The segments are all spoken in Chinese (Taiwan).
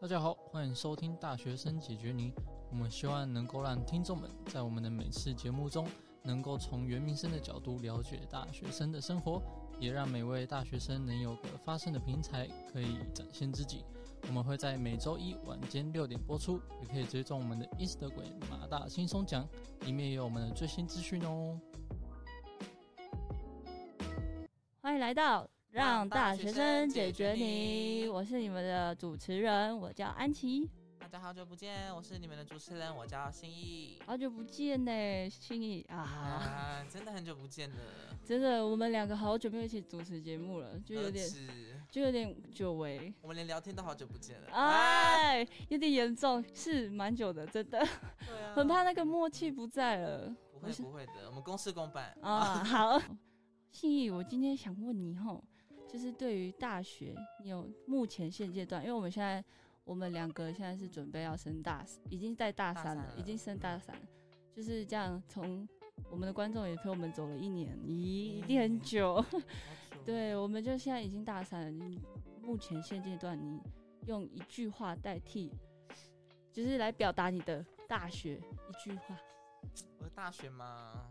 大家好，歡迎收聽《大學生解決您》。我們希望能夠讓聽眾們在我們的每次節目中，能夠從原民生的角度了解大學生的生活，也讓每位大學生能有個發聲的平台，可以展現自己。我們會在每周一晚間六點播出，也可以追蹤我們的 Instagram“ 馬大輕鬆講”，裡面也有我們的最新資訊哦。歡迎來到。讓大學生解決你、嗯、大學生解決你，我是你們的主持人，我叫安琪。大家好久不見，我是你們的主持人，我叫心意。好久不見呢、欸，心意啊，啊，真的很久不見了，真的，我們兩個好久沒有一起主持節目了，就有點就有點久違。我們連聊天都好久不見了，哎，哎有點嚴重，是蠻久的，真的、啊，很怕那個默契不在了。不會不會的，我，我們公事公辦啊。好，心意，我今天想問你吼。就是對於大學，你有目前現階段，因為我們現在，我們兩個現在是準備要升大，已經在大三了，了，已經升大三、嗯，就是這樣。從我們的觀眾也陪我們走了一年，嗯、咦，一定很久。嗯、 對，我們就現在已經大三了。你目前現階段，你用一句話代替，就是來表達你的大學一句話。我的大學嗎？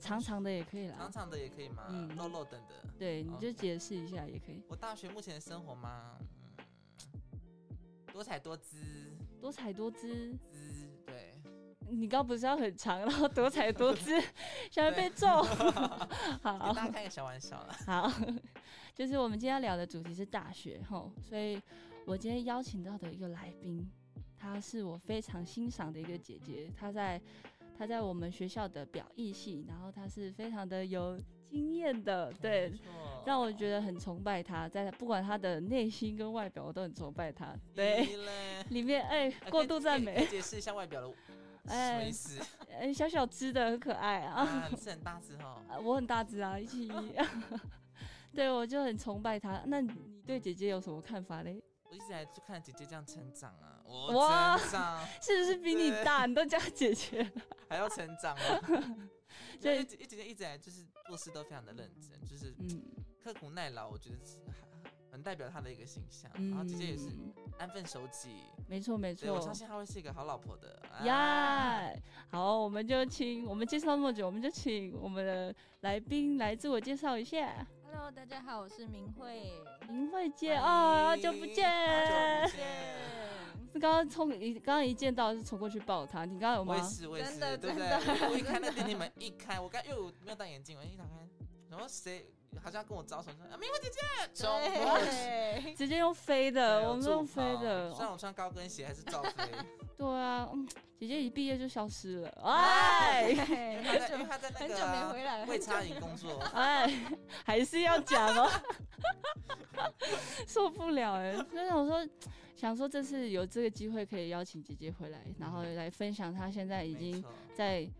長長的也可以啦，長長的也可以嗎？嗯、露露等等，對，你就解釋一下也可以。Okay. 我大學目前的生活嗎？嗯，多彩多姿，多彩多姿，姿對。你剛剛不是要很長，然後多彩多姿， 想要被揍。 好，跟大家開個小玩笑啦。好，就是我們今天要聊的主題是大學齁，所以我今天邀請到的一個來賓，她是我非常欣賞的一個姐姐，她在。他在我們學校的表演系，然後他是非常的有經驗的，對，讓我覺得很崇拜他。在不管他的內心跟外表，我都很崇拜他。對，咧咧裡面哎、欸啊、過度讚美，解釋一下外表的，哎、欸，哎、欸、小小只的很可愛啊，啊是很大只哦，我很大只啊，一起一，啊、 對，我就很崇拜他。那你對姐姐有什麼看法嘞？我一直在看姐姐這樣成長啊，我成長是不是比你大？你都叫姐姐 還要成長啊！所 以就 一,一,一,一直一直以來就是做事都非常的認真，就是、嗯、刻苦耐勞，我覺得是很代表他的一個形象。嗯、然後姐姐也是安分守己，沒錯沒錯，我相信她會是一個好老婆的。呀、yeah! 哎，好，我們就請我們介紹那麼久，我們就請我們的來賓來自我介紹一下。Hello，大家好，我是明慧，明慧姐哦，好久不見，好久不見。是剛剛衝一剛剛一見到就衝過去抱他，你剛剛有嗎？真的，對不對的。我一開那電梯門一開，我剛又為沒有戴眼鏡，我一打開，然後誰好像要跟我招手說：“啊，明慧姐姐，走，哦，直接用飛的，我們用飛的。雖然我穿高跟鞋還是照飛。哦” 對啊、嗯，姐姐一畢業就消失了，哎，哎因為她在，在那個、啊，很久沒回來了，為餐飲工作。哎，還是要講嗎？ 受不了哎，欸，真的我說。想說這次有這個機會可以邀請姐姐回來、嗯，然後來分享她現在已經在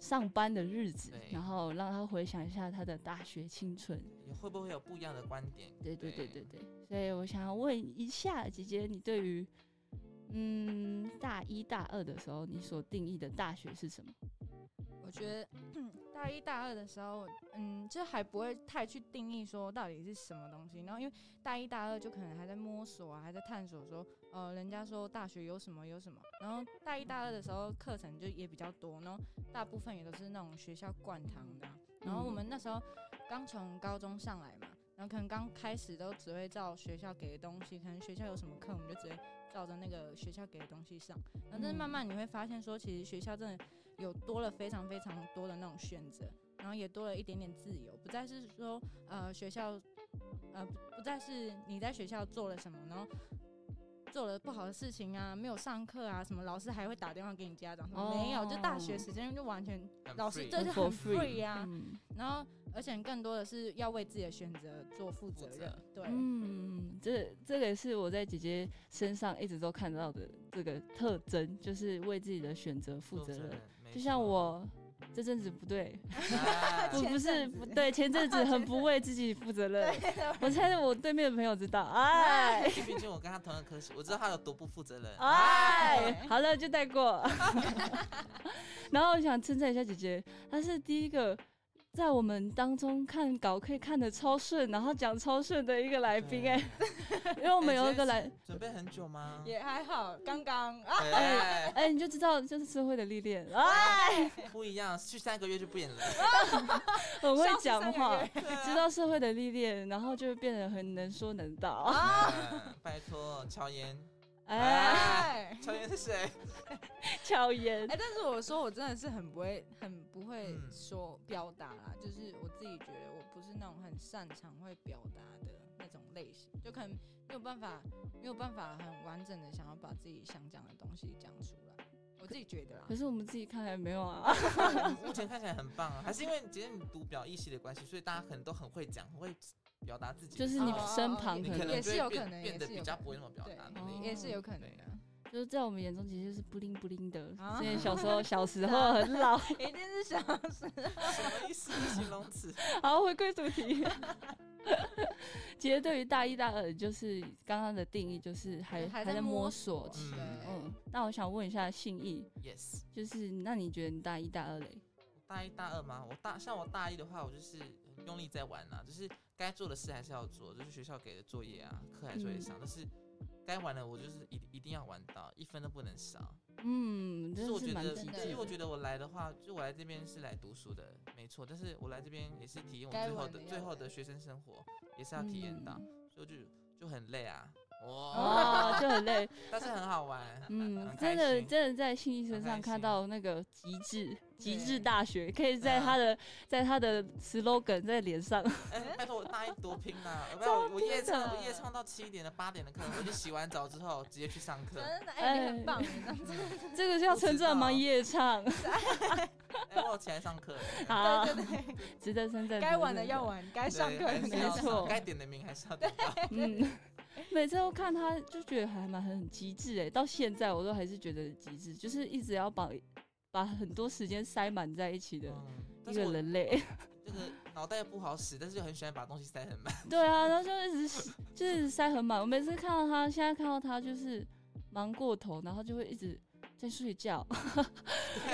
上班的日子，嗯、然後讓她回想一下她的大學青春，你會不會有不一樣的觀點？對對，對對對對，所以我想要問一下姐姐，你對於嗯大一大二的時候，你所定義的大學是什麼？我覺得大一大二的時候，嗯，就還不會太去定義說到底是什麼東西。然後因為大一大二就可能還在摸索啊，還在探索說，呃，人家說大學有什麼有什麼。然後大一大二的時候課程就也比較多，然後大部分也都是那種學校灌湯的啊。然後我們那時候剛從高中上來嘛，然後可能剛開始都只會照學校給的東西，可能學校有什麼課，我們就只會照着那個學校給的東西上。然後但是慢慢你會發現說，其實學校真的。有多了非常非常多的那種選擇，然後也多了一點點自由，不再是說呃學校，呃不再是你在學校做了什麼，然後做了不好的事情啊，沒有上課啊什麼，老師還會打電話給你家長，oh, 沒有，就大學時間就完全老師這是很 free 呀，啊，free. 然後而且更多的是要為自己的選擇做負責任，負責，對，嗯，這這個是我在姐姐身上一直都看到的這個特徵，就是為自己的選擇負責任。就像我、啊、這陣子不對，不、啊、不是不對，前陣子很不為自己負責任。啊、我猜着是我對面的朋友知道，哎，畢竟我跟他同樣科室，我知道他有多不負責任。哎，哎好了就帶過、啊哎，然後我想稱讚一下姐姐，她是第一個在我們當中看稿可以看得超順，然後講超順的一個來賓哎、欸，因為我們有一個來準備很久嗎？也還好，剛剛哎哎，你就知道這、就是社會的歷練、啊、哎，不一樣去三個月就不演了。啊、 我會講話，知道社會的歷練，然後就變得很能說能道啊。嗯、拜託巧言。巧言哎，喬妍是誰？喬妍。哎，但是我說我真的是很不會，很不會說、嗯、表達啦，就是我自己覺得我不是那種很擅長會表達的那種類型，就可能沒有辦法，沒有辦法很完整的想要把自己想講的東西講出來，我自己覺得啊。可是我們自己看來沒有啊， 目前看起來很棒啊， 還是因為今天你讀表藝系的關係，所以大家可能都很會講、嗯，很會。表達自己，就是你身旁可能，哦哦也，可能也是有可能，變得比較不會那麼表達能也是有可能。啊、就是在我們眼中，其實就是布靈布靈的、啊。所以小時候，小時候很老，一定是小時候，什麼意思？形容詞。好，回歸主題。 其實對於大一、大二，就是剛剛的定義，就是還還在摸索期。嗯，那、嗯嗯、我想問一下信義、嗯、，Yes，就是那你覺得你大一、大二嘞？大一、大二嗎？我大像我大一的話，我就是用力在玩吶、啊，就是。該做的事還是要做，就是學校給的作業啊，課還是作業上。嗯、但是該玩的我就是一一定要玩到，一分都不能少。嗯，但是我覺得，其實我覺得我來的話，對對對就我來這邊是來讀書的，沒錯。但是我來這邊也是體驗我最後的最後的學生生活，也是要體驗到、嗯，所以我就就很累啊。哇、wow. oh，就很累， 但是很好玩。嗯，嗯，真的，真的在信義身上看到那個極致，極致大學，可以在他的，啊、在他的 slogan 在臉上。拜託，我大一多拼啊，拼啊我，我夜唱，我夜唱到七點的、八點的課，我就洗完澡之後 直接去上課。真 的、欸，哎，很棒。這個叫稱讚嗎？夜 唱道、啊。哎、 欸，我起來上課、欸。好，對對對，值得稱讚。該玩的要玩，該上課沒錯，該 點的名還是要點。對， 嗯。每次都看他，就覺得還蠻很機智哎，到現在我都還是覺得機智，就是一直要把把很多時間塞滿在一起的一個人類。嗯、是 這個腦袋不好使，但是又很喜歡把東西塞很滿。對啊，然後就一直 就是塞很滿。我每次看到他，現在看到他就是忙過頭，然後就會一直在睡覺。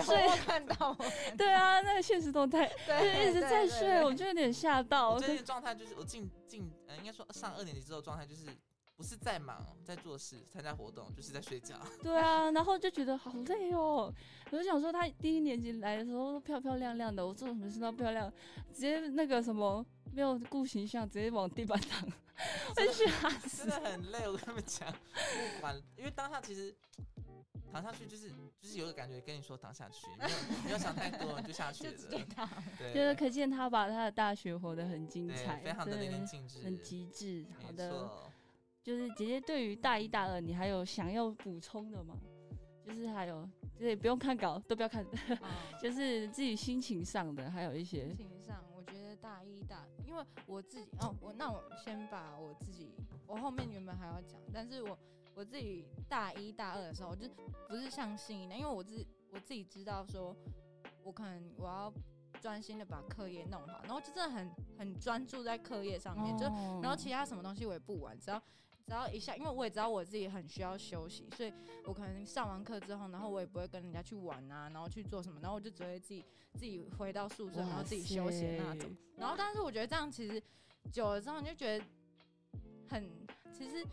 所以 對 看到我看到。對啊，那個現實動態，對，就一直在睡，對對對，我就有點嚇到對對對。我最近狀態就是我進進呃，應該說上二年級之後狀態就是。不是在忙，在做事、參加活動，就是在睡覺。對啊，然後就覺得好累哦、喔。 我就想說，他第一年級來的時候都漂漂亮亮的，我做什麼事都漂亮，直接那個什麼沒有顧形象，直接往地板躺，我笑死。真的很累，我跟你們講， 因為當下其實躺下去就是就是有個感覺，跟你說躺下去，沒有沒有想太多你就下去了。 對，就是可見他把他的大學活得很精彩，非常的那點精致，很極致，好的。就是姐姐對於大一、大二，你還有想要補充的嗎？就是還有，就是不用看稿，都不要看，oh. 就是自己心情上的，還有一些。心情上，我覺得大一、大，因為我自己哦，我那我先把我自己，我後面原本還要講，但是我我自己大一、大二的時候，我就不是像新一樣，因為我自己我自己知道說，我可能我要專心的把課業弄好，然後就真的很很專注在課業上面，oh. 就然後其他什麼東西我也不玩，只要。只要一下，因為我也知道我自己很需要休息，所以我可能上完課之後，然後我也不會跟人家去玩啊，然後去做什麼，然後我就只會自己自己回到宿舍，然後自己休息那種。然後，但是我覺得這樣其實久了之後，你就覺得很其實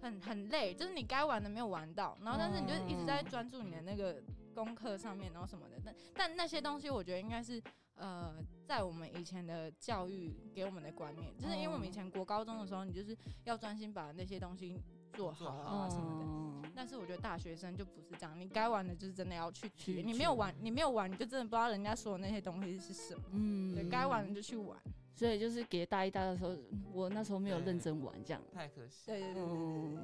很很累，就是你該玩的沒有玩到，然後但是你就一直在專注你的那個功課上面，然後什麼的。但但那些東西，我覺得應該是。呃，在我們以前的教育給我們的觀念，就是因為我們以前國高中的時候，你就是要專心把那些東西做好，好啊什麼的、嗯。但是我覺得大學生就不是這樣，你該玩的就是真的要去學。你沒有玩，你沒有玩，你就真的不知道人家說的那些東西是什麼。嗯，對，該玩的就去玩。所以就是給大一大二的時候，我那時候沒有認真玩，這樣太可惜。對對對，對，對，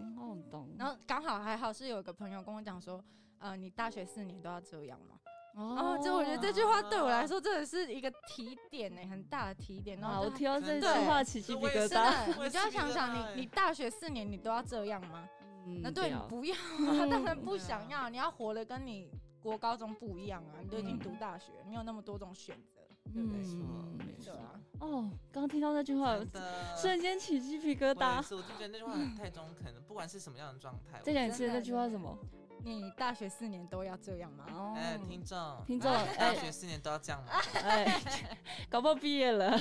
懂、嗯。然後剛好還好是有個朋友跟我講說，呃，你大學四年都要這樣嗎？哦，就我覺得這句話對我來說真的是一個提點呢，oh. 很大的提點。然後好，我聽到這句話起雞皮疙瘩。我就要想想你，你 你大學四年你都要這樣嗎？嗯、那對你不要，當、嗯、然 不想要。你要活得跟你國高中不一樣啊！你都已經讀大學，你有那麼多種選擇。嗯，沒錯、啊。哦，剛剛聽到那句話，瞬間起雞皮疙瘩。是，我就覺得那句話很太中肯了、嗯，不管是什麼樣的狀態。再講一次那句話是什麼？你大學四年都要這樣嗎？哎、oh. 欸，聽眾，聽眾、啊，大學四年都要這樣嗎？哎、欸欸欸，搞不好畢業了，欸、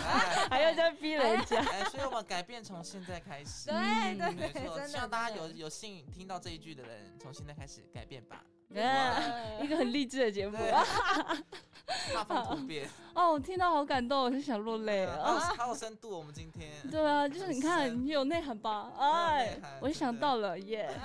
還要這樣逼人家。哎、欸，所以我們改變從現在開始。嗯、對，對，對，沒錯。希望大家有有幸聽到這一句的人，從現在開始改變吧。嗯欸、一個很勵志的節目，大風不變、啊。哦，聽到好感動，我就想落淚啊！好、啊啊、有深度，我們今天。對啊，就是你看，你有內涵吧？哎、啊，我就想到了耶。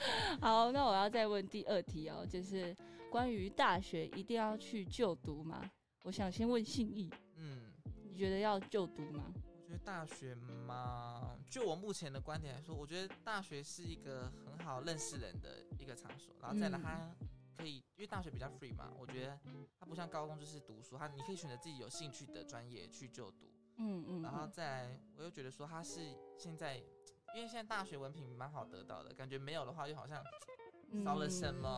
好，那我要再問第二題哦，就是關於大學一定要去就讀嗎？我想先問信義，嗯，你覺得要就讀嗎？我覺得大學嘛，就我目前的觀點來說，我覺得大學是一個很好認識人的一個場所。然後再來，它可以，嗯，因為大學比較 free 嘛，我覺得它不像高中就是讀書，它你可以選擇自己有興趣的專業去就讀。嗯嗯，嗯，然後再來，我又覺得說它是現在。因為現在大學文憑蠻好得到的，感覺沒有的話，就好像少了什麼，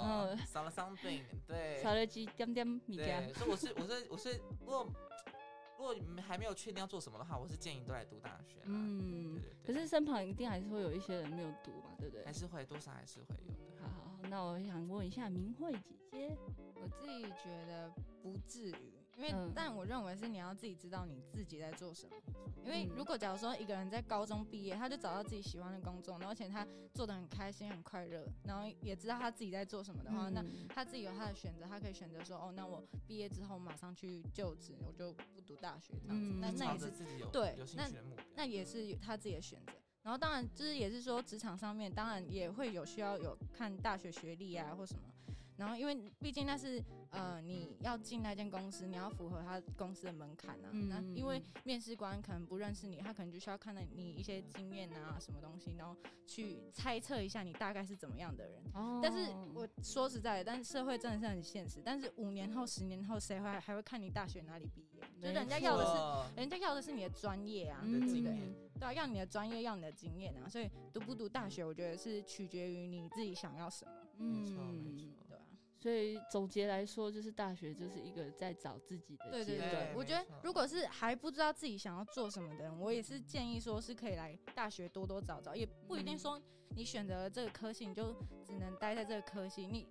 少、嗯、了、了 something，對，少了幾點點米加。所以我是，我是，我是，如果 如果還沒有確定要做什麼的話，我是建議你都來讀大學，啊。嗯對對對，可是身旁一定還是會有一些人沒有讀嘛，對不對？還是會多少還是會有的。好，好，那我想問一下明慧姐姐，我自己覺得不至於，因為，但我認為是你要自己知道你自己在做什麼。因為如果假如說一個人在高中畢業，他就找到自己喜歡的工作，而且他做得很開心、很快樂，然後也知道他自己在做什麼的話，那他自己有他的選擇，他可以選擇說，哦，那我畢業之後馬上去就職，我就不讀大學這樣子。那那也是自己有對，那那也是他自己的選擇。然後當然就是也是說職場上面當然也會有需要有看大學學歷啊或什麼。然後因為畢竟那是。呃，你要進那間公司，你要符合他公司的門檻啊。那、嗯嗯啊、因為面試官可能不認識你，他可能就需要看到你一些經驗啊、嗯，什麼東西，然後去猜測一下你大概是怎麼樣的人。哦、但是我說實在的，但是社會真的是很現實。但是五年後、十年後，誰會還，還會看你大學哪裡畢業？啊、就是人家要的是，人家要的是你的專業啊、嗯，對不對？對啊，要你的專業，要你的經驗啊。所以讀不讀大學，我覺得是取決於你自己想要什麼。沒、嗯、錯，沒錯。沒所以總結來說，就是大學就是一個在找自己的對對對，對，我覺得如果是還不知道自己想要做什麼的人，我也是建議說是可以來大學多多找找，也不一定說你選擇了這個科系你就只能待在這個科系。你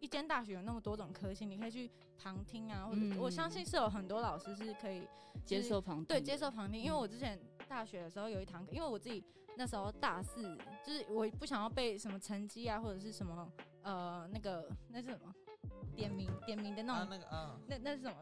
一間大學有那麼多種科系，你可以去旁聽啊，或者我相信是有很多老師是可以接受旁聽，對，接受旁聽。因為我之前大學的時候有一堂課，因為我自己那時候大四，就是我不想要背什麼成績啊或者是什麼。呃，那個那是什麼？點名點名的那種，啊、那個啊、那，那是什麼？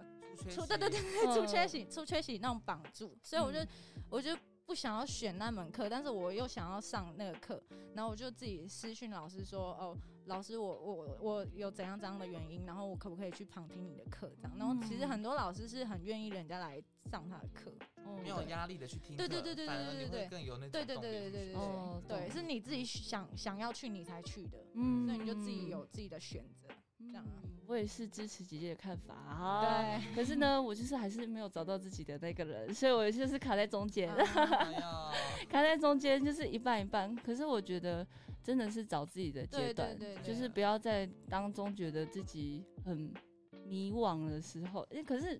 出，對對對對，出缺席出、嗯、缺，缺席那種綁住，所以我就、嗯、我就不想要選那門課，但是我又想要上那個課，然後我就自己私訊老師說哦。老師，我我我有怎樣怎樣的原因，然後我可不可以去旁聽你的課這樣？然後其實很多老師是很願意人家來上他的課、嗯嗯，沒有壓力的去聽。對對對對對對對對，更有那種對對對對對對對，哦，對，是你自己想想要去你才去的，嗯，所以你就自己有自己的選擇。嗯嗯嗯這樣啊、我也是支持姐姐的看法啊，對。可是呢，我就是還是沒有找到自己的那個人，所以我就是卡在中間，啊、 卡在中間就是一半一半。可是我覺得真的是找自己的階段，對對對對對對，就是不要在當中覺得自己很迷惘的時候。哎、欸，可是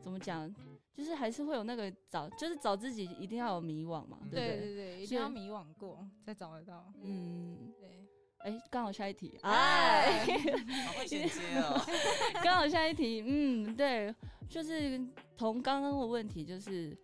怎麼講，就是還是會有那個找，就是找自己一定要有迷惘嘛，嗯、對，對對，對對，一定要迷惘過再找得到。嗯，對。哎、欸，剛好下一題，Hi、哎，好快銜接哦，剛好下一題，嗯，對，就是同剛剛的問題，就是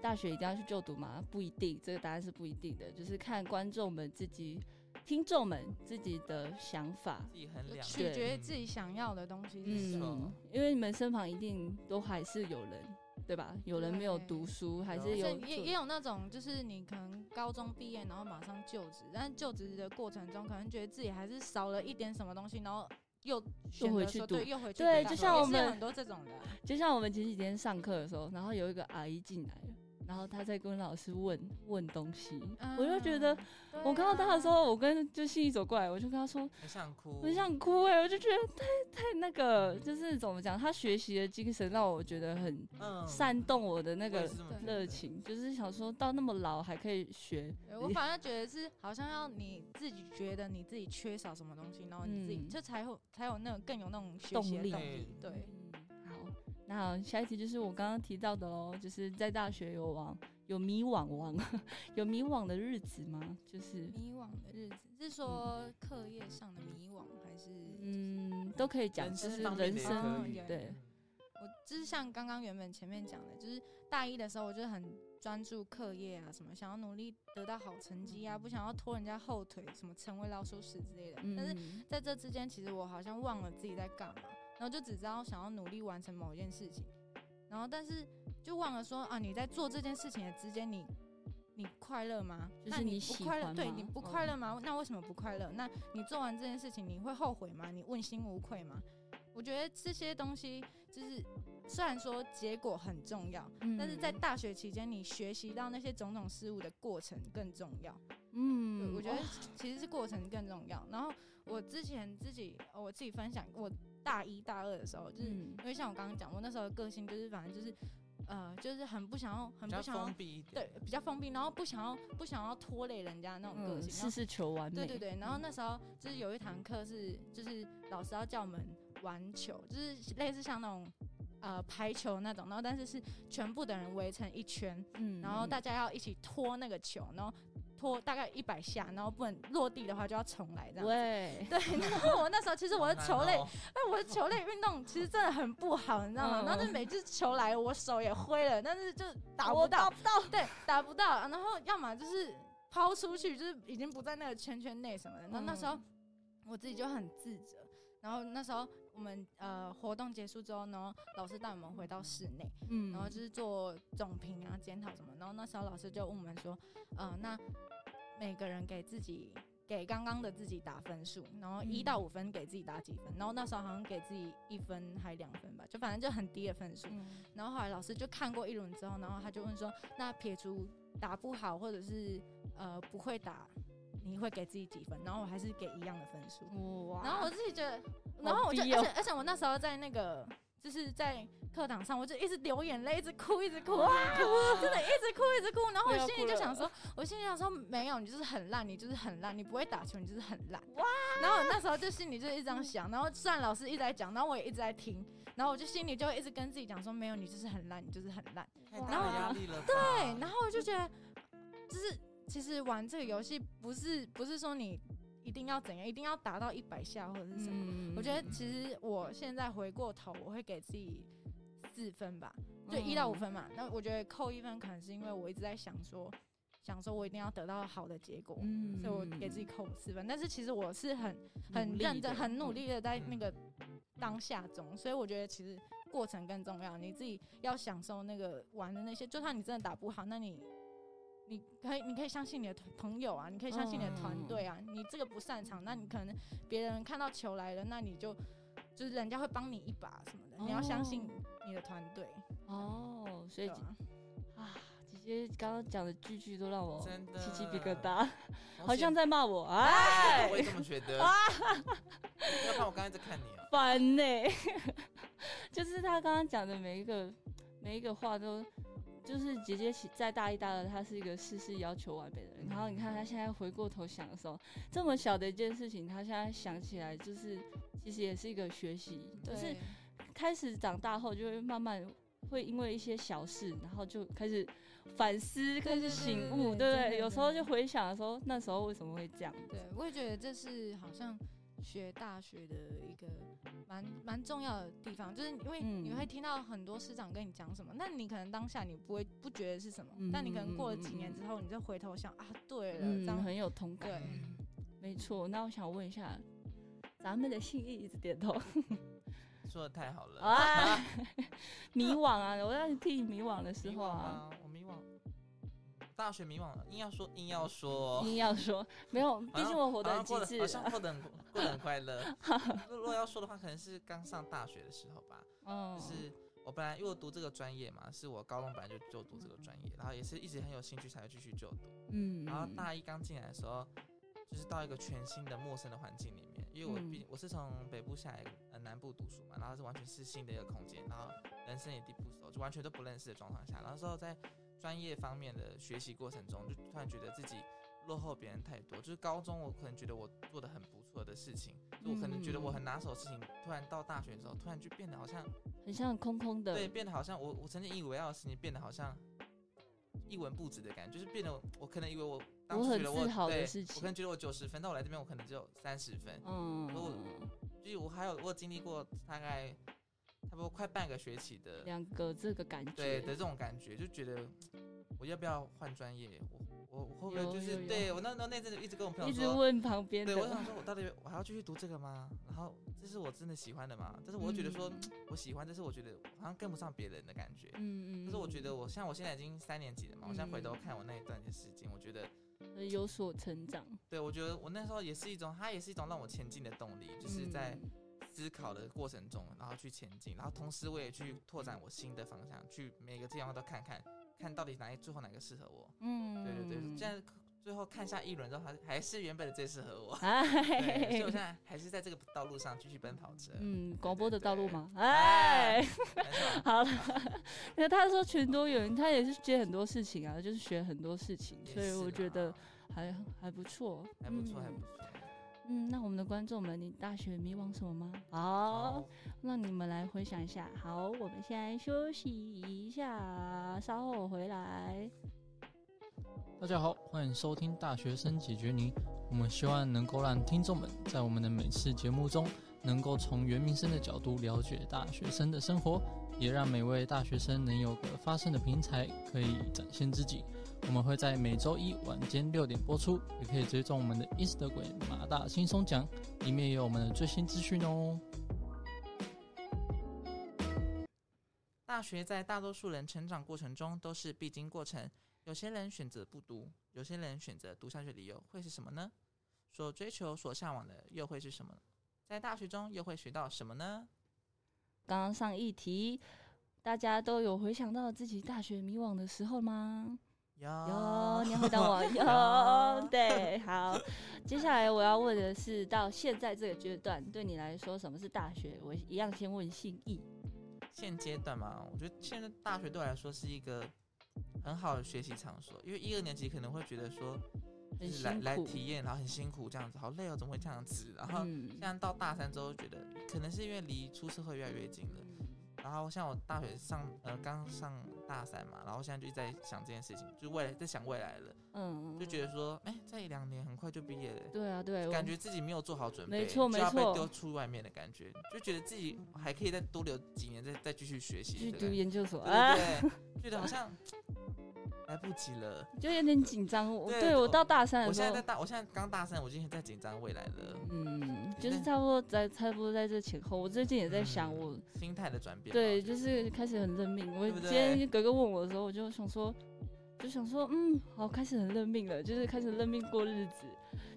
大學一定要去就讀嗎？不一定，這個答案是不一定的，就是看觀眾們自己、聽眾們自己的想法，自己很了解、取決自己想要的東西是什麼、嗯，因為你們身旁一定都還是有人。對吧？有人沒有讀書，還是有、呃、也也有那種，就是你可能高中畢業，然後馬上就職，但是就職的過程中，可能覺得自己還是少了一點什麼東西，然後又選擇又回去讀，又回去讀，對，就像我們很多這種的、啊，就像我們前幾天上課的時候，然後有一個阿姨進來了。然後他在跟老師問問東西，嗯，我就覺得、啊、我看到他的時候，我跟就信一走過來，我就跟他說，很想哭，很想哭哎，欸，我就覺得太太那個、嗯、就是怎麼講，他學習的精神讓我覺得很、嗯、煽動我的那個熱情，是就是想說到那麼老還可以學，我反而覺得是好像要你自己覺得你自己缺少什麼東西，然後你自己就才有、嗯、才有那種更有那種學習的動力動力，對。好，下一題就是我剛剛提到的嘍，就是在大學有往有迷惘往呵呵，有迷惘的日子嗎？就是迷惘的日子，是說課業上的迷惘還是？嗯，都可以講，就是人生、嗯對。對，我就是像剛剛原本前面講的，就是大一的時候，我就是很專注課業啊，什麼想要努力得到好成績啊，不想要拖人家後腿，什麼成為老鼠屎之類的、嗯。但是在這之間，其實我好像忘了自己在幹嘛。然後就只知道想要努力完成某件事情，然後但是就忘了說啊，你在做這件事情的之間，你你快樂嗎？就是你喜歡嗎？那你不快樂，對，你不快樂嗎？Oh. 那為什麼不快樂？那你做完這件事情，你會後悔嗎？你問心無愧嗎？我覺得這些東西就是，雖然說結果很重要，嗯、但是在大學期間，你學習到那些種種事物的過程更重要。嗯，我覺得其實是過程更重要。Oh. 然後我之前自己我自己分享過我。大一、大二的時候，就是因為像我剛剛講，我那時候的個性就是，反正就是，呃，就是很不想要，很不想要，封閉，對，比較封閉，然後不想要，不想要拖累人家那種個性，事、嗯、事求完美，對對對，然後那時候就是有一堂課是，就是老師要叫我們玩球，就是類似像那種呃排球那種，然後但是是全部的人圍成一圈、嗯，然後大家要一起拖那個球，然後。拖大概一百下，然後不能落地的話就要重來，這樣。對，對。然後我那時候其實我的球類，那、喔欸、我的球類運動其實真的很不好，你知道嗎？Oh. 然後就每次球來，我手也揮了，但是就打不到，oh, 打不到，對，打不到。然後要麼就是拋出去，就是已經不在那個圈圈內什麼的。那那時候我自己就很自責，然後那時候。我們呃活動結束之後呢，然後老師帶我們回到室內，嗯，然後就是做總評啊、檢討什麼。然後那時候老師就問我們說，呃，那每個人給自己給剛剛的自己打分數，然後一到五分給自己打幾分、嗯？然後那時候好像給自己一分還兩分吧，就反正就很低的分數、嗯。然後後來老師就看過一輪之後，然後他就問說，那撇除打不好或者是呃不會打，你會給自己幾分？然後我還是給一樣的分數、嗯。哇！然後我自己覺得。然後我就，而且而且我那時候在那個，就是在課堂上，我就一直流眼淚，一直哭，一直哭，哇，真的一直哭一直哭。然後我心裡就想說，我心裡想說，沒有你就是很爛，你就是很爛，你不會打球，你就是很爛。哇！然後我那時候就心裡就一直這樣想，然後雖然老師一直在講，然後我也一直在聽，然後我就心裡就一直跟自己講說，沒有你就是很爛，你就是很爛。然後壓力了。對，然後我就覺得，就是其實玩這個遊戲不是不是說你。一定要怎樣？一定要達到一百下或者是什麼、嗯？我覺得其實我現在回過頭，我會給自己四分吧，就一到五分嘛、嗯。那我覺得扣一分，可能是因為我一直在想說，想說我一定要得到好的結果，嗯，所以我給自己扣四分。但是其實我是很很認真，很努力的在那個當下中，所以我覺得其實過程更重要。你自己要享受那個玩的那些，就算你真的打不好，那你。你可以，你可以相信你的朋友啊，你可以相信你的團隊啊、嗯。你這個不擅長，嗯、那你可能別人看到球來了，那你就就是人家會幫你一把什麼的。哦、你要相信你的團隊哦。所以啊，姐姐剛剛講的句句都讓我真的起雞皮疙瘩，好像在罵我啊、哎！我也這麼覺得。 要看我剛才在看你啊，煩呢、欸。 就是他剛剛講的每一個每一個話都。就是姐姐在大一、大二，她是一個事事要求完美的人，嗯。然後你看她現在回過頭想的時候，這麼小的一件事情，她現在想起來，就是其實也是一個學習。就是開始長大後，就會慢慢會因為一些小事，然後就開始反思，對對對對對，開始醒悟，對不對？對，對，對，對，對，對，對？有時候就回想的時候，那時候為什麼會這樣？對，我也覺得這是好像。學大學的一個蠻蠻重要的地方，就是因為、嗯、你會聽到很多師長跟你講什麼，那、嗯、你可能當下你不會不覺得是什麼，那、嗯、你可能過了幾年之後，你就回頭想啊，對了，嗯、這樣很有同感，嗯、沒錯。那我想問一下，咱們的信義一直點頭，說的太好了啊，啊，啊！迷惘啊！我讓你替迷惘的時候啊，迷我迷惘，大學迷惘了，硬要說硬要說硬要說，沒有，畢竟我活得很機智、啊，好像過 能很快樂。如果要說的話，可能是剛上大學的時候吧。Oh. 就是我本來因為我讀這個專業嘛，是我高中本來就就讀這個專業，然後也是一直很有興趣才會繼續就讀。嗯、mm -hmm.，然後大一剛進來的時候，就是到一個全新的、陌生的環境裡面，因為我畢竟我是從北部下來呃南部讀書嘛，然後是完全是新的一個空間，然後人生也地不熟，就完全都不認識的狀況下，然後之後在專業方面的學習過程中，就突然覺得自己。落後別人太多，就是高中我可能覺得我做的很不錯的事情，嗯、就我可能覺得我很拿手的事情，突然到大學的時候，突然就變得好像，很像空空的。對，變得好像我我曾經以為要的事情，變得好像一文不值的感覺，就是變得我，我可能以為我當初覺得我，我很自豪的事情，我可能覺得我九十分，但我來這邊我可能只有三十分。嗯，我就是我還有我有經歷過大概差不多快半個學期的兩個這個感覺，對的這種感覺，就覺得我要不要換專業？我我，我會不會就是對我那那那陣子一直跟我朋友一直問旁邊，對，我想說我到底我還要繼續讀這個嗎？然後這是我真的喜歡的嘛？但是我覺得說、嗯、我喜歡，但是我覺得好像跟不上別人的感覺。嗯嗯。但是我覺得我像我現在已經三年級了嘛，嗯、我現在回頭看我那一段時間，我覺得有所成長。對，我覺得我那時候也是一種，它也是一種讓我前進的動力，就是在思考的過程中，然後去前進，然後同時我也去拓展我新的方向，去每個地方都看看。看到底哪一，最後哪一個適合我？嗯，對對對，現在最後看下一輪，然後還還是原本的最適合我。所以我現在還是在這個道路上繼續奔跑着。嗯，廣播的道路嗎？哎，好了。那他說全都有人，他也是接很多事情啊，就是學很多事情，所以我覺得還還不錯，還不錯、嗯，還不錯。嗯，那我們的觀眾們，你大學迷惘什麼嗎？好，好，讓你們來回想一下。好，我們先休息一下，稍後回來。大家好，歡迎收聽《大學生解決您》。我們希望能夠讓聽眾們在我們的每次節目中，能夠從原民生的角度了解大學生的生活，也讓每位大學生能有個發聲的平台，可以展現自己。我們會在每周一晚間六點播出，也可以追蹤我們的 Instagram“ 馬大輕鬆講”，裡面也有我們的最新資訊哦。大學在大多數人成長過程中都是必經過程，有些人選擇不讀，有些人選擇讀下去，理由會是什麼呢？所追求、所向往的又會是什麼？在大學中又會學到什麼呢？剛剛上一題，大家都有回想到自己大學迷惘的時候嗎？有，你會等我有，對，好。 接下來我要問的是，到現在這個階段，對你來說，什麼是大學？我一樣先問信義。現階段嘛，我覺得現在大學對我來說是一個很好的學習場所，因為一二年級可能會覺得說就是來很來來體驗，然後很辛苦這樣子，好累哦，怎麼會這樣子？然後現在到大三之後，覺得可能是因為離出社會越來越近了。嗯然後像我大學上，呃，剛上大三嘛，然後現在就在想這件事情，就未來在想未來了，嗯，就覺得說，哎，欸，再一兩年很快就畢業了，對啊，對，感覺自己沒有做好準備，沒錯沒錯，就要被丟出外面的感覺，就覺得自己還可以再多留幾年再，再再繼續學習，對，去讀研究所，對不對，啊，覺得好像。 來不及了，就有點緊張，喔。對，對我到大三的時候，我現在在大，我現在剛大三，我今天在緊張未來了。嗯，就是差不多在差不多在這前後，我最近也在想我、嗯、我心態的轉變。對，就是開始很認命對對對。我今天哥哥問我的時候，我就想說，就想說，嗯，好，開始很認命了，就是開始認命過日子，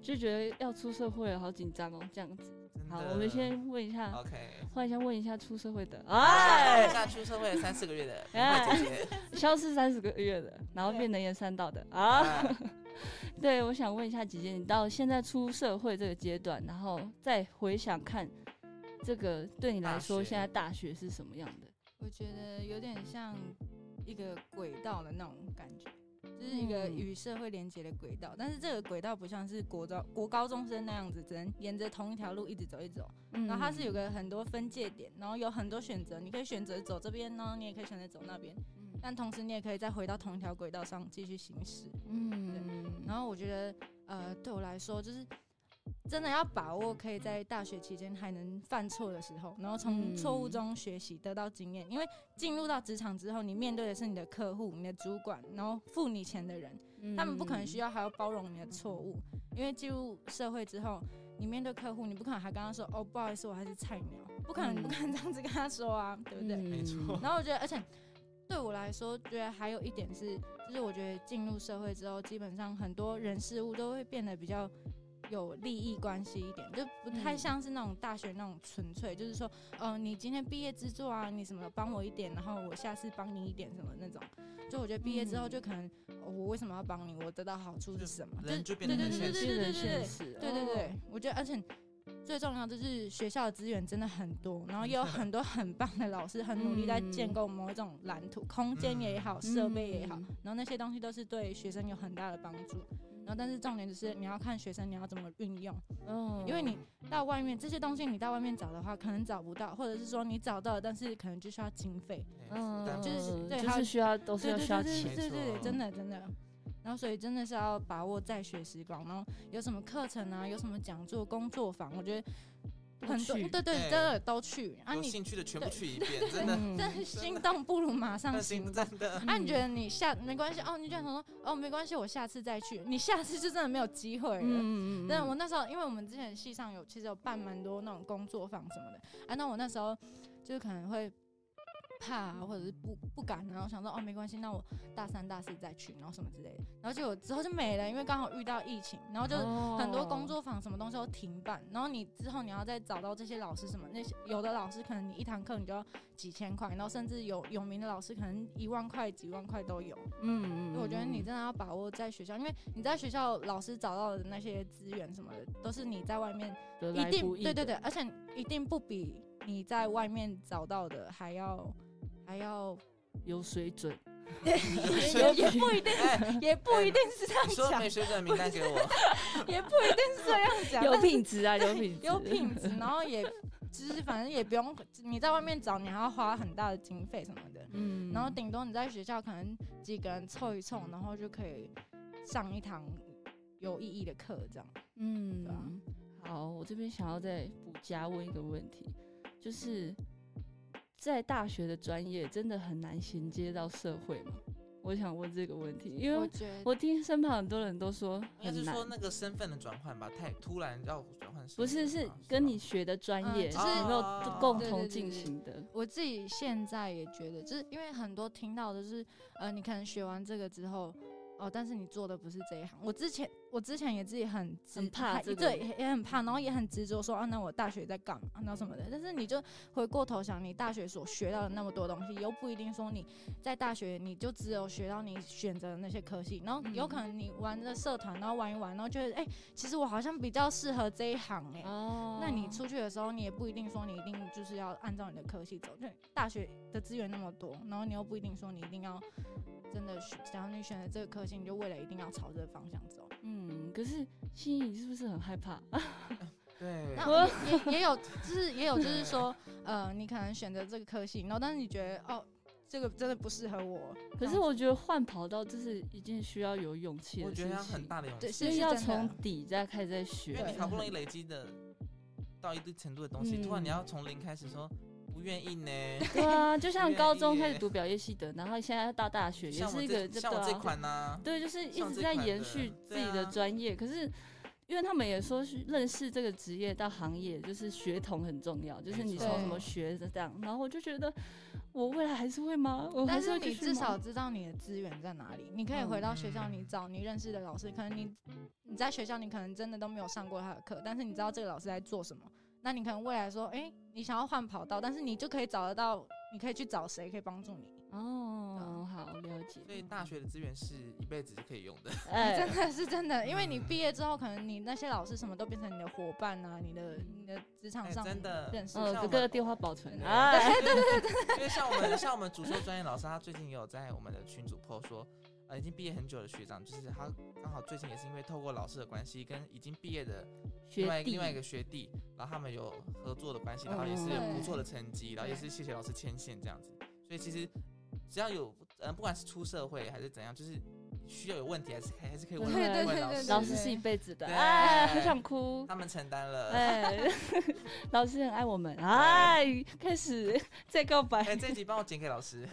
就覺得要出社會了，好緊張哦，這樣子。好，我們先問一下。OK，換一下問一下出社會的，okay. 哎，哎，哎，哎，出社會三四個月, 姐姐個月的，哎，消失三四個月的，然後變能言善道的啊。 對，我想問一下姐姐，嗯、你到現在出社會這個階段，然後再回想看，這個對你來說，現在大學是什麼樣的？我覺得有點像一個軌道的那種感覺。是、嗯、一個與社會連接的軌道，但是這個軌道不像是國招國高中生那樣子，只能沿着同一條路一直走一直走、嗯。然後它是有個很多分界點，然後有很多選擇，你可以選擇走這邊，然後你也可以選擇走那邊、嗯。但同時你也可以再回到同一條軌道上繼續行駛、嗯。對、嗯，然後我覺得，呃，對我來說就是。真的要把握可以在大學期間還能犯錯的時候，然後從錯誤中學習，得到經驗、嗯。因為進入到職場之後，你面對的是你的客戶、你的主管，然後付你錢的人，嗯、他們不可能需要還要包容你的錯誤、嗯。因為進入社會之後，你面對客戶，你不可能還跟他說：“哦，不好意思，我還是菜鳥。”不可能、嗯，不可能這樣子跟他說啊，對不對？嗯、沒錯。然後我覺得，而且對我來說，覺得還有一點是，就是我覺得進入社會之後，基本上很多人事物都會變得比較。有利益關係一點，就不太像是那種大學那種純粹、嗯，就是說，嗯、呃，你今天畢業之作啊，你什麼幫我一點，然後我下次幫你一點什麼那種。就我覺得畢業之後，就可能、嗯哦、我為什麼要幫你？我得到好處是什麼？就人就變成現實，人現實。對對對，我覺得而且最重要就是學校的資源真的很多，然後也有很多很棒的老師，很努力在建構某一種藍圖，嗯、空間也好，設、嗯、備也好、嗯，然後那些東西都是對學生有很大的幫助。然後，但是重點就是你要看學生，你要怎麼運用，嗯、oh.，因為你到外面這些東西，你到外面找的話，可能找不到，或者是說你找到了，但是可能就需要經費，嗯、oh. 就是，就是對，他、就是需要都是要需要錢，哦、對對對，對，對，對，真的真的。然後所以真的是要把握在學時光，然後有什麼課程啊，有什麼講座、工作坊，我覺得。很多對，對對，真、欸、的都去啊你！你有興趣的全部去一遍，對真的。嗯、真的心動不如馬上行動。真的嗯啊、你覺得你下沒關係哦？你這樣說哦，沒關係，我下次再去。你下次就真的沒有機會了。那、嗯嗯、我那時候，因為我們之前系上有其實有辦蠻多那種工作坊什麼的。啊，那我那時候就可能會。怕或者是不不敢，然後想說，哦，沒關係，那我大三大四再去，然後什麼之類的，然後結果之後就沒了，因為剛好遇到疫情，然後就很多工作坊什麼東西都停辦，然後你之後你要再找到這些老師什麼那些，有的老師可能你一堂課你就要幾千塊，然後甚至有有名的老師可能一萬塊幾萬塊都有。嗯嗯，我覺得你真的要把握在學校，因為你在學校老師找到的那些資源什麼的都是你在外面一定，對對對，而且一定不比你在外面找到的還要。還要有水準，水準也,也不一定是、欸，也不一定是這樣講。欸、說沒水準名單給我，不也不一定是這樣講有品質啊，有品質、啊，有品質。品 然後也其實、就是、反正也不用你在外面找，你還要花很大的經費什麼的。嗯，然後頂多你在學校可能幾個人湊一湊、嗯，然後就可以上一堂有意義的課這樣。嗯，啊、好，我這邊想要再補加問一個問題，就是。在大學的專業真的很難銜接到社會嗎？我想問這個問題，因為我聽身旁很多人都說很難。是說那個身份的轉換吧，太突然要轉換。不是，是跟你學的專業、嗯就是哦，是沒有共同進行的。對對對對對，我自己現在也覺得，就是因為很多聽到的是，呃，你可能學完這個之後，哦，但是你做的不是這一行。我之前。我之前也自己很很怕、啊這個，對，也很怕，然後也很執着說啊，那我大學在幹啊，然後什麼的。但是你就回過頭想，你大學所學到的那麼多東西，又不一定說你在大學你就只有學到你選擇的那些科系，然後有可能你玩的社團，然後玩一玩，然後覺得哎、欸，其實我好像比較適合這一行哎、欸。哦。那你出去的時候，你也不一定說你一定就是要按照你的科系走，就大學的資源那麼多，然後你又不一定說你一定要真的選，只要你選擇這個科系，你就未來一定要朝這個方向走。嗯，可是心儀是不是很害怕？對， 那也 也、也有，就是也有，就是說， 呃，你可能選擇這個科系，然後但是你覺得哦，這個真的不適合我。可是我覺得換跑道這是一件需要有勇氣的事情，我覺得要很大的勇氣，就是要從底再開始學，就是再開始學對對，因為你好不容易累積的到一定程度的東西，突然你要從零開始說。嗯不願意呢，對啊，就像高中開始讀表演系的，然後現在到大學也是一個 這個啊，啊，對，就是一直在延續自己的專業的、啊。可是因為他們也說，是認識這個職業到行業，就是學同很重要，就是你從什麼學的這樣。然後我就覺得，我未來還是會，嗎，還是會嗎？但是你至少知道你的資源在哪裡，你可以回到學校，你找你認識的老師，嗯嗯、可能你、嗯、你在學校你可能真的都沒有上過他的課，但是你知道這個老師在做什麼，那你可能未來說，哎、欸。你想要換跑道，但是你就可以找得到，你可以去找誰可以幫助你哦。好，了解，所以大學的資源是一輩子是可以用的。哎， 真的是真的，因為你畢業之後，可能你那些老師什麼都變成你的夥伴啊，你的你的職場上認識，了、欸。哥哥電話保存。對對對對對。 因為像我們像我們主修專業老師，他最近也有在我們的群組 po 說。已經畢業很久的學長，就是他剛好最近也是因為透過老師的關係，跟已經畢業的另外另外一個學弟,學弟，然後他們有合作的關係，然後也是有不錯的成績，oh、然後也是謝謝老師牽線這樣子，所以其實只要有嗯，不管是出社會還是怎樣，就是。需要有問題還是還是可以問，對對對對對對，問老師。老師是一輩子的，哎，很想哭。他們承擔了。 老師很愛我們，哎，開始再告白。這一集幫我剪給老師。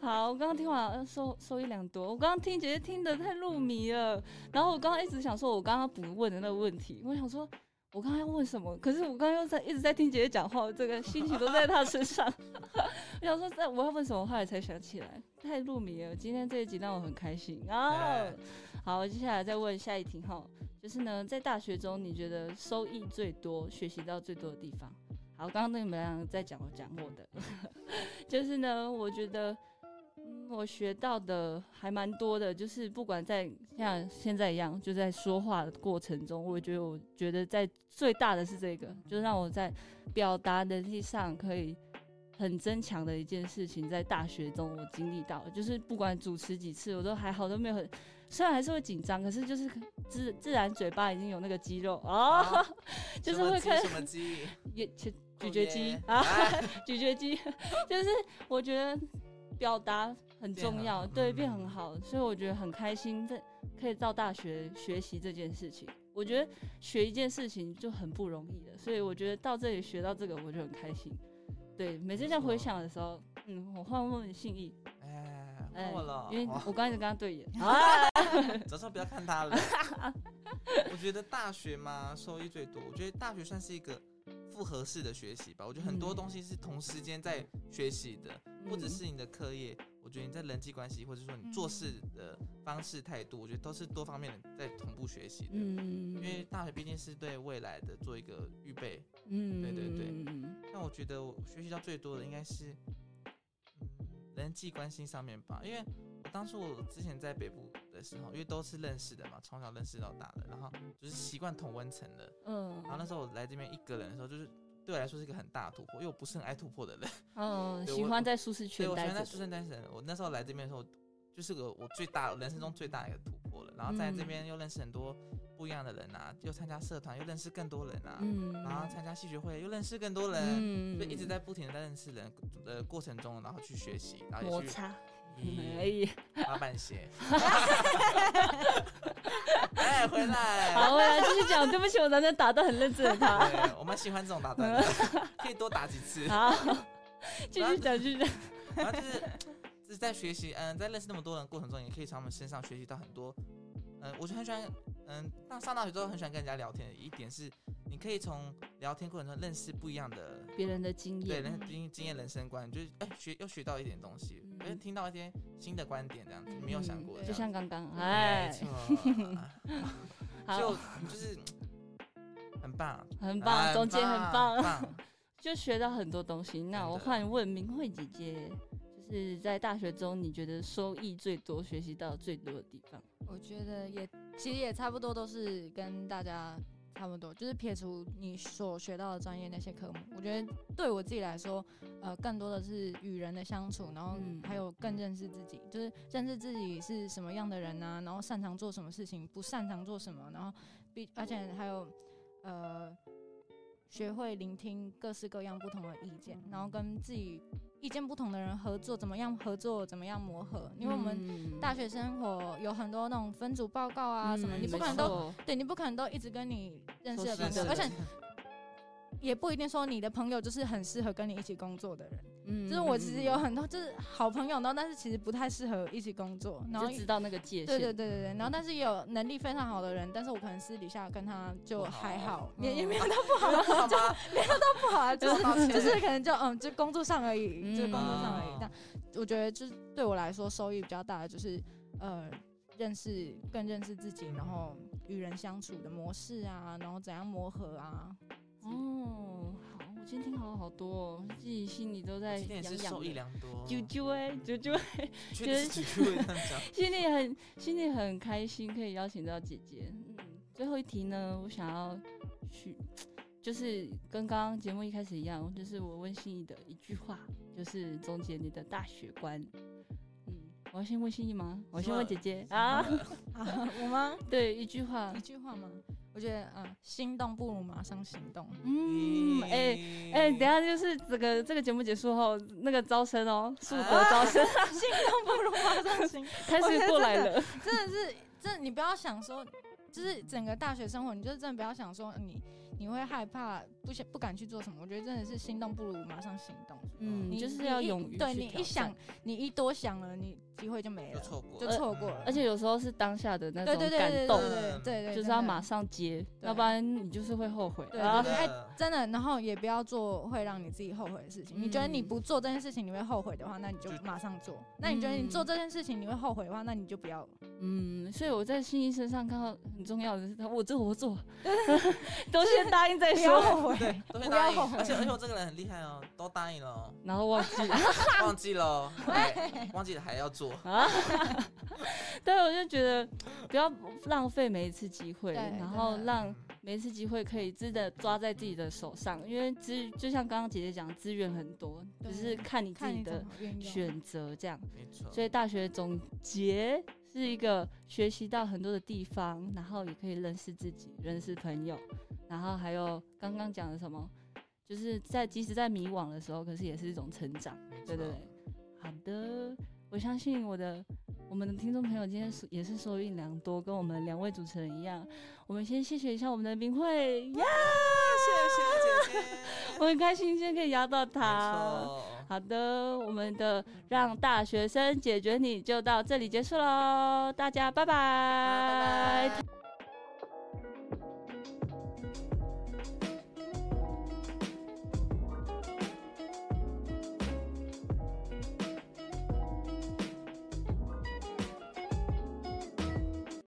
好，我剛剛聽完，收，收一兩多。我剛剛聽姐姐聽得太入迷了，然後我剛剛一直想說，我剛剛不問的那個問題，我想說。我剛剛要問什麼？可是我剛剛又在一直在聽姐姐講話，這個心情都在她身上。 我想說，在我要問什麼話題才想起來，太入迷了。今天這一集讓我很開心。Oh, yeah. 好，接下來再問下一題哈，就是呢，在大學中你覺得收益最多、學習到最多的地方？好，剛剛你們兩個在講我講過的，就是呢，我覺得。我學到的還蠻多的，就是不管在像現在一樣，就在說話的過程中，我覺得我覺得在最大的是這個，就讓我在表達能力上可以很增強的一件事情，在大學中我經歷到，就是不管主持幾次，我都還好，都沒有很，雖然還是會緊張，可是就是自自然嘴巴已經有那個肌肉哦，啊、 就是會看什麼肌 也咀嚼肌啊，咀 嚼肌， 就是我覺得表達。很重要，對，變很好，所以我覺得很開心在。在可以到大學學習這件事情，我覺得學一件事情就很不容易的，所以我覺得到這裡學到這個，我就很開心。對，每次在回想的時候，嗯，我換換信義，哎、欸，過、欸、了，因為我剛才跟他對眼， 早上不要看他了。 我覺得大學嘛，收益最多。我覺得大學算是一個複合式的學習吧。我覺得很多東西是同時間在學習的，不、嗯、只是你的課業。我覺得你在人際關係，或者說你做事的方式態度，嗯，我覺得都是多方面的在同步學習的。嗯。因為大學畢竟是對未來的做一個預備。嗯，對對對。那，嗯，我覺得我學習到最多的應該是，嗯，人際關係上面吧。因為當時我之前在北部的時候，因為都是認識的嘛，從小認識到大的，然後就是習慣同溫層的。然後那時候我來這邊一個人的時候，就是。對我來說是一個很大的突破，因為我不是很愛突破的人。嗯，喜歡在舒適圈。對，我喜歡在舒適圈待着，我那時候來這邊的時候，就是個我最大，我人生中最大的一個突破了。然後在這邊又認識很多不一樣的人啊，嗯、又參加社團又認識更多人啊，嗯、然後參加戲劇會又認識更多人，就、嗯、一直在不停的在認識人的過程中，然後去學習，然後也去擦，可以，老闆鞋。哎，回來了， 好，我要繼續講。 對不起，我剛才打斷很認真了，他。 我蠻喜歡這種打斷，的， 可以多打幾次。 好，繼續講，繼續講。然後就是， 就是、 是在學習，嗯、呃，在認識那麼多人過程中，也可以從他們身上學習到很多。嗯、呃，我就很喜歡。嗯，但上大學之後很喜歡跟人家聊天的一點是，你可以從聊天過程中認識不一樣的別人的經驗，對人經經驗、人生觀，就是哎、欸、學又學到一點東西，哎、嗯欸、聽到一些新的觀點，這樣子、嗯、沒有想過就、嗯、像剛剛哎， 好就好就是很棒，很棒，總、啊、結很棒，很棒棒 就學到很多東西。那我換問明慧姐姐。是在大學中，你覺得收益最多、學習到最多的地方？我覺得也其實也差不多，都是跟大家差不多。就是撇除你所學到的專業那些科目，我覺得對我自己來說，呃，更多的是與人的相處，然後還有更認識自己，就是認識自己是什麼樣的人啊，然後擅長做什麼事情，不擅長做什麼，然後比而且還有，呃。學會聆聽各式各樣不同的意見，然後跟自己意見不同的人合作，怎麼樣合作，怎麼樣磨合。因為我們大學生活有很多那種分組報告啊什麼，嗯，你不可能都對，你不可能都一直跟你認識的朋友，而且也不一定說你的朋友就是很適合跟你一起工作的人。嗯、就是我其實有很多就是好朋友，然後但是其實不太適合一起工作，然後就知道那個界限。對對對對，然後但是也有能力非常好的人，嗯，但是我可能私底下跟他就還好，嗯、也也沒有到不好，好 吧就， 沒有到不好，就是 就是可能就嗯，就工作上而已，嗯、就是工作上而已。嗯嗯、但我覺得就是對我來說收益比較大的就是呃，認識更認識自己，然後與人相處的模式啊，然後怎樣磨合啊，哦、嗯。嗯我今天聽好了好，好多、哦，自己心裡都在癢癢，啾啾哎，啾啾哎，覺得、欸就是、心裡很，心裡很開心，可以邀請到姐姐、嗯。最後一題呢，我想要去，就是跟剛剛節目一開始一樣，就是我問心怡的一句話，就是總結你的大學觀。嗯，我要先問心怡嗎？我要先問姐姐啊， 啊？我嗎？對，一句話，一句話嗎？我覺得嗯，心動不如馬上行動。嗯，哎、欸、哎、欸，等一下就是整個這個這個節目結束後，那個招生哦，數學招生，啊啊、 心動不如馬上行動， 開始過來了。這個、真的是，真的。你不要想說，就是整個大學生活，你就是真的不要想說你你會害怕。不想不敢去做什麼，我覺得真的是心動不如馬上行動。嗯，你，你就是要勇於對你一想，你一多想了，你機會就沒了，錯過就錯過了，過了、呃。而且有時候是當下的那種感動，對對對，對，對，對，對，對，就是要馬上接，對對對對對對就是、要接，不然你就是會後悔。對，對，對啊，對，對，對，對，對，對、哎，真的，然後也不要做會讓你自己後悔的事情、嗯。你覺得你不做這件事情你會後悔的話，那你就馬上做。那你覺得你做這件事情你會後悔的話，那你就不要。嗯，嗯，所以我在欣欣身上看到很重要的是，是他我做我做、 就是，都先答應再說。 對，都沒答應，而且而且我這個人很厲害哦，都答應了、哦，然後忘記了， 忘記了、哦，對、 嗯，忘記了還要做，啊、 對，我就覺得不要浪費每一次機會，然後讓每一次機會可以真的抓在自己的手上，嗯、因為資就像剛剛姐姐講的，資源很多，只、就是看你自己的選擇這樣，所以大學總結。是一個學習到很多的地方，然後也可以認識自己、認識朋友，然後還有剛剛講的什麼，就是在即使在迷惘的時候，可是也是一種成長。對對對，好的，我相信我的我們的聽眾朋友今天也是受益良多，跟我們兩位主持人一樣。我們先謝謝一下我們的明慧，呀，yeah! 謝謝謝謝姐姐，我很開心今天可以邀到他。好的，我們的讓大學生解決你就到這裡結束嘍，大家拜拜。